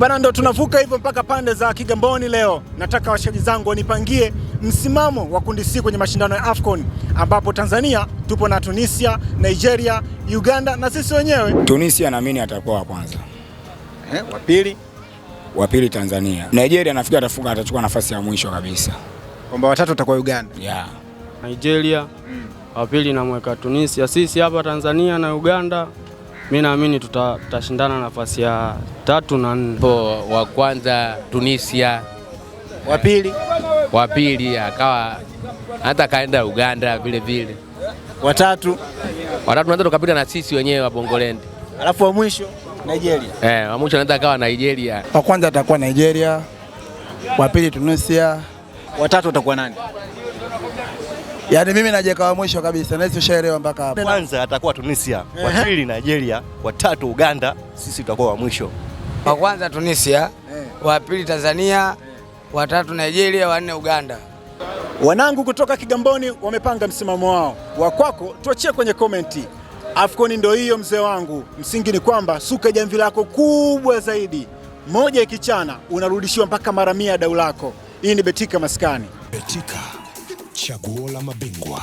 Eh bana, ndo tunavuka hivyo mpaka pande za Kigamboni leo. Nataka washabiki zangu wanipangie msimamo wa kundi C kwenye mashindano ya AFCON ambapo Tanzania tupo na Tunisia, Nigeria, Uganda na sisi wenyewe. Tunisia naamini atakuwa wa kwanza. Eh, wa pili? Wa pili Tanzania. Nigeria nafikiri atafunga atachukua nafasi ya mwisho kabisa. Kwamba watatu atakuwa Uganda. Yeah. Nigeria, mm. Wa pili namweka Tunisia. Sisi hapa Tanzania na Uganda mi naamini tutashindana tuta nafasi ya tatu na nne. Wa kwanza Tunisia, wa pili wa pili akawa hata kaenda Uganda vile vile, watatu watatu naweza tukapita na sisi wenyewe wa Bongolendi, alafu wa mwisho Nigeria. Eh, wa mwisho anaweza akawa Nigeria. Wa kwanza atakuwa Nigeria, wa pili Tunisia, watatu atakuwa nani? Yaani mimi najeka wa mwisho kabisa na ushaelewa mpaka hapo. Kwanza atakuwa Tunisia, wa pili Nigeria, wa tatu Uganda, sisi tutakuwa wa mwisho. Wa kwanza Tunisia, eh. wa pili Tanzania, wa tatu Nigeria, wa nne Uganda. Wanangu kutoka Kigamboni wamepanga msimamo wao. Wa kwako tuachie kwenye komenti. Afkoni ndio hiyo mzee wangu. Msingi ni kwamba suka jamvi lako kubwa zaidi. Moja ikichana unarudishiwa mpaka mara mia dau lako. Hii ni Betika Maskani. Betika. Chagua la mabingwa